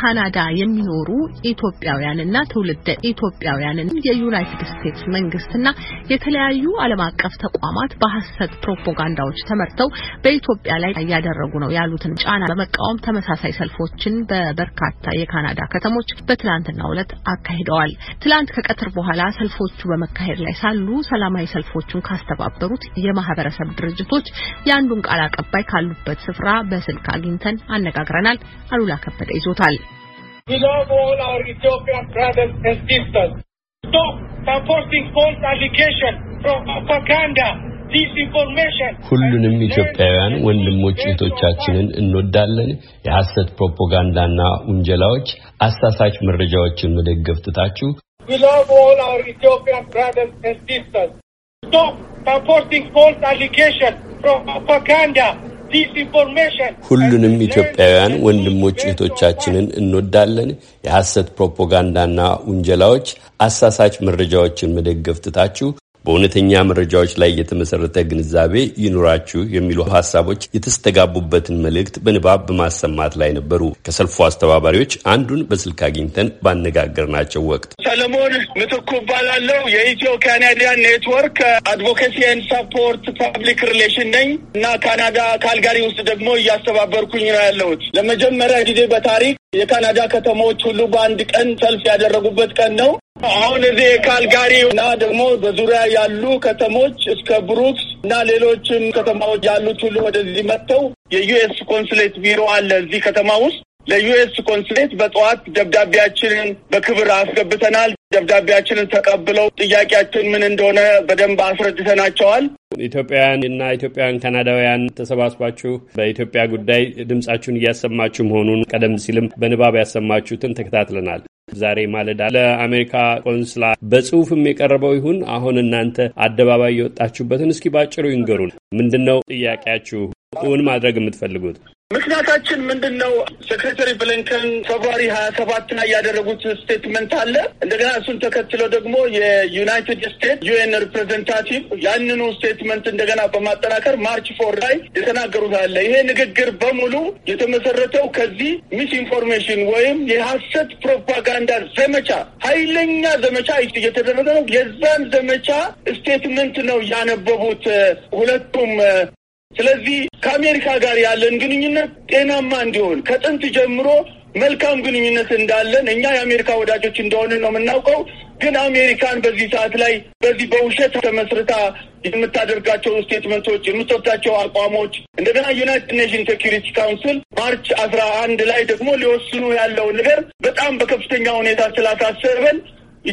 ካናዳ የሚኖሩ ኢትዮጵያውያንና ትውልደ ኢትዮጵያውያንን የዩናይትድ ስቴትስ መንግስትና የተለያዩ ዓለም አቀፍ ተቋማት በሐሰት ፕሮፓጋንዳዎች ተመርተው በኢትዮጵያ ላይ እያደረጉ ነው ያሉትን ጫና በመቃወም ተመሳሳይ ሰልፎችን በበርካታ የካናዳ ከተሞች በትላንትናው ዕለት አካሂደዋል። ትላንት ከቀትር በኋላ ሰልፎቹ በመካሄድ ላይ ሳሉ ሰላማዊ ሰልፎቹን ካስተባበሩት የማህበረሰብ ድርጅቶች የአንዱን ቃል አቀባይ ካሉበት ስፍራ በስልክ አግኝተን አነጋግረናል። አሉላ ከበደ ይዞታል። We love all our Ethiopian brothers and sisters. Stop supporting false allegations from propaganda. ሁሉንም ኢትዮጵያውያን ወንድሞች እህቶቻችንን እንወዳለን። የሐሰት ፕሮፓጋንዳና ውንጀላዎች፣ አሳሳች መረጃዎችን መደገፍ ትታችሁ ሁሉንም ኢትዮጵያውያን ወንድሞች እህቶቻችንን እንወዳለን። የሐሰት ፕሮፓጋንዳና ውንጀላዎች፣ አሳሳች መረጃዎችን መደገፍ ትታችሁ በእውነተኛ መረጃዎች ላይ የተመሰረተ ግንዛቤ ይኑራችሁ የሚሉ ሀሳቦች የተስተጋቡበትን መልእክት በንባብ በማሰማት ላይ ነበሩ። ከሰልፉ አስተባባሪዎች አንዱን በስልክ አግኝተን ባነጋገርናቸው ወቅት ሰለሞን ምትኩ እባላለሁ። የኢትዮ ካናዳ ኔትወርክ አድቮኬሲ ኤንድ ሰፖርት ፐብሊክ ሪሌሽን ነኝ እና ካናዳ ካልጋሪ ውስጥ ደግሞ እያስተባበርኩኝ ነው ያለሁት። ለመጀመሪያ ጊዜ በታሪክ የካናዳ ከተሞች ሁሉ በአንድ ቀን ሰልፍ ያደረጉበት ቀን ነው። አሁን እዚህ ካልጋሪ እና ደግሞ በዙሪያ ያሉ ከተሞች እስከ ብሩክስ እና ሌሎችም ከተማዎች ያሉት ሁሉ ወደዚህ መጥተው የዩኤስ ኮንስሌት ቢሮ አለ እዚህ ከተማ ውስጥ ለዩኤስ ኮንስሌት በጠዋት ደብዳቤያችንን በክብር አስገብተናል። ደብዳቤያችንን ተቀብለው ጥያቄያችን ምን እንደሆነ በደንብ አስረድተናቸዋል። ኢትዮጵያውያን እና ኢትዮጵያውያን ካናዳውያን ተሰባስባችሁ በኢትዮጵያ ጉዳይ ድምጻችሁን እያሰማችሁ መሆኑን ቀደም ሲልም በንባብ ያሰማችሁትን ተከታትለናል። ዛሬ ማለዳ ለአሜሪካ ቆንስላ በጽሁፍም የቀረበው ይሁን አሁን እናንተ አደባባይ የወጣችሁበትን እስኪ ባጭሩ ይንገሩን። ምንድን ነው ጥያቄያችሁ? እውን ማድረግ የምትፈልጉት? ምክንያታችን ምንድን ነው? ሴክሬታሪ ብሊንከን ፌብሩዋሪ ሀያ ሰባት ላይ ያደረጉት ስቴትመንት አለ። እንደገና እሱን ተከትሎ ደግሞ የዩናይትድ ስቴትስ ዩኤን ሪፕሬዘንታቲቭ ያንኑ ስቴትመንት እንደገና በማጠናከር ማርች ፎር ላይ የተናገሩት አለ። ይሄ ንግግር በሙሉ የተመሰረተው ከዚህ ሚስ ኢንፎርሜሽን ወይም የሀሰት ፕሮፓጋንዳ ዘመቻ፣ ኃይለኛ ዘመቻ እየተደረገ ነው። የዛን ዘመቻ ስቴትመንት ነው ያነበቡት ሁለቱም ስለዚህ ከአሜሪካ ጋር ያለን ግንኙነት ጤናማ እንዲሆን ከጥንት ጀምሮ መልካም ግንኙነት እንዳለን እኛ የአሜሪካ ወዳጆች እንደሆነ ነው የምናውቀው። ግን አሜሪካን በዚህ ሰዓት ላይ በዚህ በውሸት ተመስርታ የምታደርጋቸው ስቴትመንቶች፣ የምትወስዳቸው አቋሞች እንደገና ዩናይትድ ኔሽን ሴኪሪቲ ካውንስል ማርች አስራ አንድ ላይ ደግሞ ሊወስኑ ያለው ነገር በጣም በከፍተኛ ሁኔታ ስላሳሰበን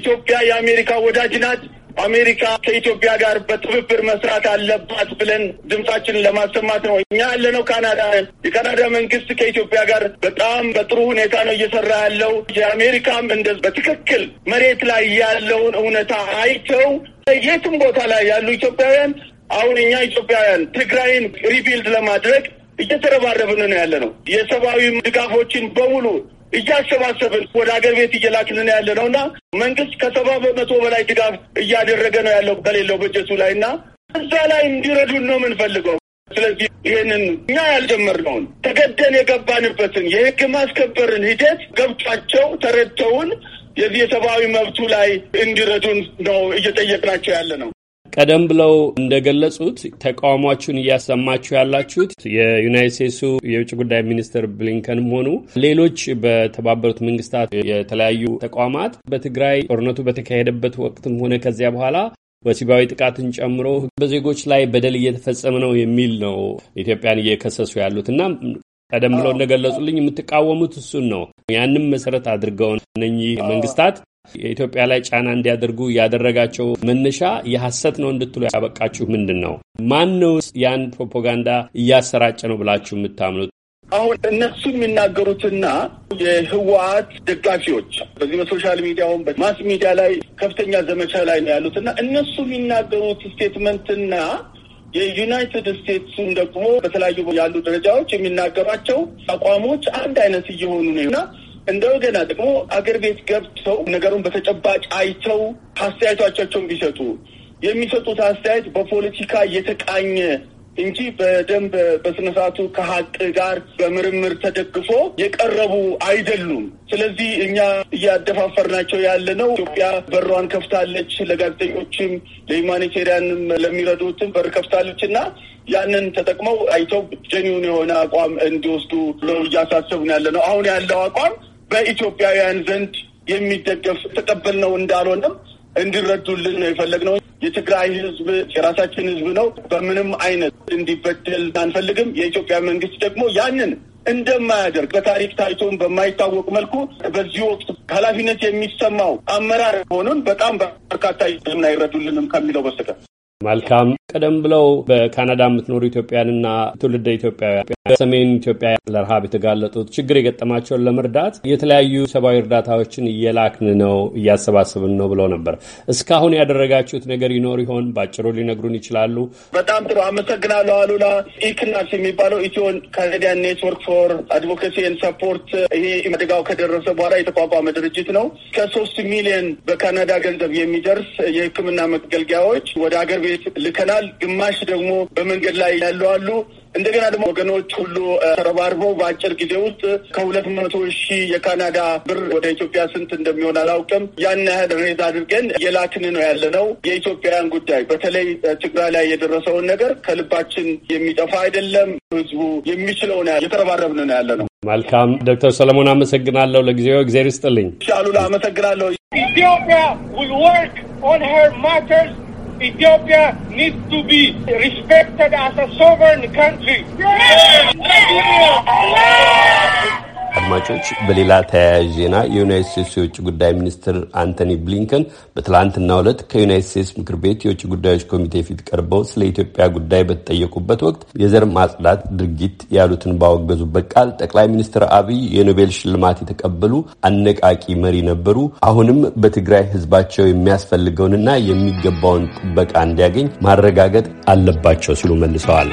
ኢትዮጵያ የአሜሪካ ወዳጅ ናት፣ አሜሪካ ከኢትዮጵያ ጋር በትብብር መስራት አለባት ብለን ድምፃችንን ለማሰማት ነው። እኛ ያለነው ካናዳ ነን። የካናዳ መንግስት ከኢትዮጵያ ጋር በጣም በጥሩ ሁኔታ ነው እየሰራ ያለው። የአሜሪካም እንደ በትክክል መሬት ላይ ያለውን እውነታ አይተው የትም ቦታ ላይ ያሉ ኢትዮጵያውያን አሁን እኛ ኢትዮጵያውያን ትግራይን ሪቢልድ ለማድረግ እየተረባረብን ነው ያለ ነው። የሰብአዊ ድጋፎችን በሙሉ እያሰባሰብን ወደ ሀገር ቤት እየላክንን ያለ ነው እና መንግስት ከሰባ በመቶ በላይ ድጋፍ እያደረገ ነው ያለው በሌለው በጀቱ ላይ እና እዛ ላይ እንዲረዱን ነው የምንፈልገው። ስለዚህ ይህንን እኛ ያልጀመርነውን ተገደን የገባንበትን የህግ ማስከበርን ሂደት ገብቷቸው ተረድተውን የዚህ የሰብአዊ መብቱ ላይ እንዲረዱን ነው እየጠየቅናቸው ያለ ነው። ቀደም ብለው እንደገለጹት ተቃውሟችሁን እያሰማችሁ ያላችሁት የዩናይት ስቴትሱ የውጭ ጉዳይ ሚኒስትር ብሊንከንም ሆኑ ሌሎች በተባበሩት መንግስታት የተለያዩ ተቋማት በትግራይ ጦርነቱ በተካሄደበት ወቅትም ሆነ ከዚያ በኋላ ወሲባዊ ጥቃትን ጨምሮ በዜጎች ላይ በደል እየተፈጸመ ነው የሚል ነው ኢትዮጵያን እየከሰሱ ያሉት እና ቀደም ብለው እንደገለጹልኝ የምትቃወሙት እሱን ነው። ያንም መሰረት አድርገውን እነኚህ መንግስታት የኢትዮጵያ ላይ ጫና እንዲያደርጉ ያደረጋቸው መነሻ የሐሰት ነው እንድትሉ ያበቃችሁ ምንድን ነው? ማን ነው ያን ፕሮፓጋንዳ እያሰራጨ ነው ብላችሁ የምታምኑት? አሁን እነሱ የሚናገሩትና የህወሀት ደጋፊዎች በዚህ በሶሻል ሚዲያውም በማስ ሚዲያ ላይ ከፍተኛ ዘመቻ ላይ ነው ያሉትና እነሱ የሚናገሩት ስቴትመንትና የዩናይትድ ስቴትሱን ደግሞ በተለያዩ ያሉ ደረጃዎች የሚናገሯቸው አቋሞች አንድ አይነት እየሆኑ ነው እና እንደገና ደግሞ አገር ቤት ገብተው ነገሩን በተጨባጭ አይተው አስተያየቶቻቸውን ቢሰጡ የሚሰጡት አስተያየት በፖለቲካ የተቃኘ እንጂ በደንብ በስነስርዓቱ ከሀቅ ጋር በምርምር ተደግፎ የቀረቡ አይደሉም። ስለዚህ እኛ እያደፋፈርናቸው ያለ ነው። ኢትዮጵያ በሯን ከፍታለች፣ ለጋዜጠኞችም፣ ለሁማኒቴሪያንም ለሚረዱትም በር ከፍታለች እና ያንን ተጠቅመው አይተው ጀኒውን የሆነ አቋም እንዲወስዱ ነው እያሳሰቡን ያለ ነው። አሁን ያለው አቋም በኢትዮጵያውያን ዘንድ የሚደገፍ ተቀበል ነው እንዳልሆነም እንዲረዱልን ነው የፈለግነው። የትግራይ ህዝብ የራሳችን ህዝብ ነው። በምንም አይነት እንዲበደል አንፈልግም። የኢትዮጵያ መንግስት ደግሞ ያንን እንደማያደርግ በታሪክ ታይቶም በማይታወቅ መልኩ በዚህ ወቅት ኃላፊነት የሚሰማው አመራር መሆኑን በጣም በርካታ ይረዱልንም ከሚለው በስተቀር መልካም ቀደም ብለው በካናዳ የምትኖሩ ኢትዮጵያንና ትውልደ ኢትዮጵያውያን በሰሜን ኢትዮጵያ ለረሃብ የተጋለጡት ችግር የገጠማቸውን ለመርዳት የተለያዩ ሰብአዊ እርዳታዎችን እየላክን ነው እያሰባሰብን ነው ብለው ነበር። እስካሁን ያደረጋችሁት ነገር ይኖር ይሆን? ባጭሩ ሊነግሩን ይችላሉ? በጣም ጥሩ አመሰግናለሁ። አሉላ ኢክናስ የሚባለው ኢትዮ ካናዲያን ኔትወርክ ፎር አድቮኬሲ ኤንድ ሰፖርት ይሄ አደጋው ከደረሰ በኋላ የተቋቋመ ድርጅት ነው። ከሶስት ሚሊዮን በካናዳ ገንዘብ የሚደርስ የህክምና መገልገያዎች ወደ ሀገር ቤት ልከናል። ግማሽ ደግሞ በመንገድ ላይ ያሉ አሉ። እንደገና ደግሞ ወገኖች ሁሉ ተረባርበው በአጭር ጊዜ ውስጥ ከሁለት መቶ ሺህ የካናዳ ብር ወደ ኢትዮጵያ ስንት እንደሚሆን አላውቅም። ያን ያህል ሬዝ አድርገን የላክን ነው ያለ ነው። የኢትዮጵያውያን ጉዳይ በተለይ ትግራይ ላይ የደረሰውን ነገር ከልባችን የሚጠፋ አይደለም። ህዝቡ የሚችለውን የተረባረብን ነው ያለ ነው። መልካም ዶክተር ሰለሞን አመሰግናለሁ። ለጊዜው እግዜር ይስጥልኝ። ሻሉላ አመሰግናለሁ። ኢትዮጵያ ዊል ወርክ ኦን ሄር ማተርስ Ethiopia needs to be respected as a sovereign country. Yeah. Yeah. Yeah. አድማጮች፣ በሌላ ተያያዥ ዜና የዩናይት ስቴትስ የውጭ ጉዳይ ሚኒስትር አንቶኒ ብሊንከን በትላንትናው ዕለት ከዩናይት ስቴትስ ምክር ቤት የውጭ ጉዳዮች ኮሚቴ ፊት ቀርበው ስለ ኢትዮጵያ ጉዳይ በተጠየቁበት ወቅት የዘር ማጽዳት ድርጊት ያሉትን ባወገዙበት ቃል ጠቅላይ ሚኒስትር አብይ የኖቤል ሽልማት የተቀበሉ አነቃቂ መሪ ነበሩ፣ አሁንም በትግራይ ህዝባቸው የሚያስፈልገውንና የሚገባውን ጥበቃ እንዲያገኝ ማረጋገጥ አለባቸው ሲሉ መልሰዋል።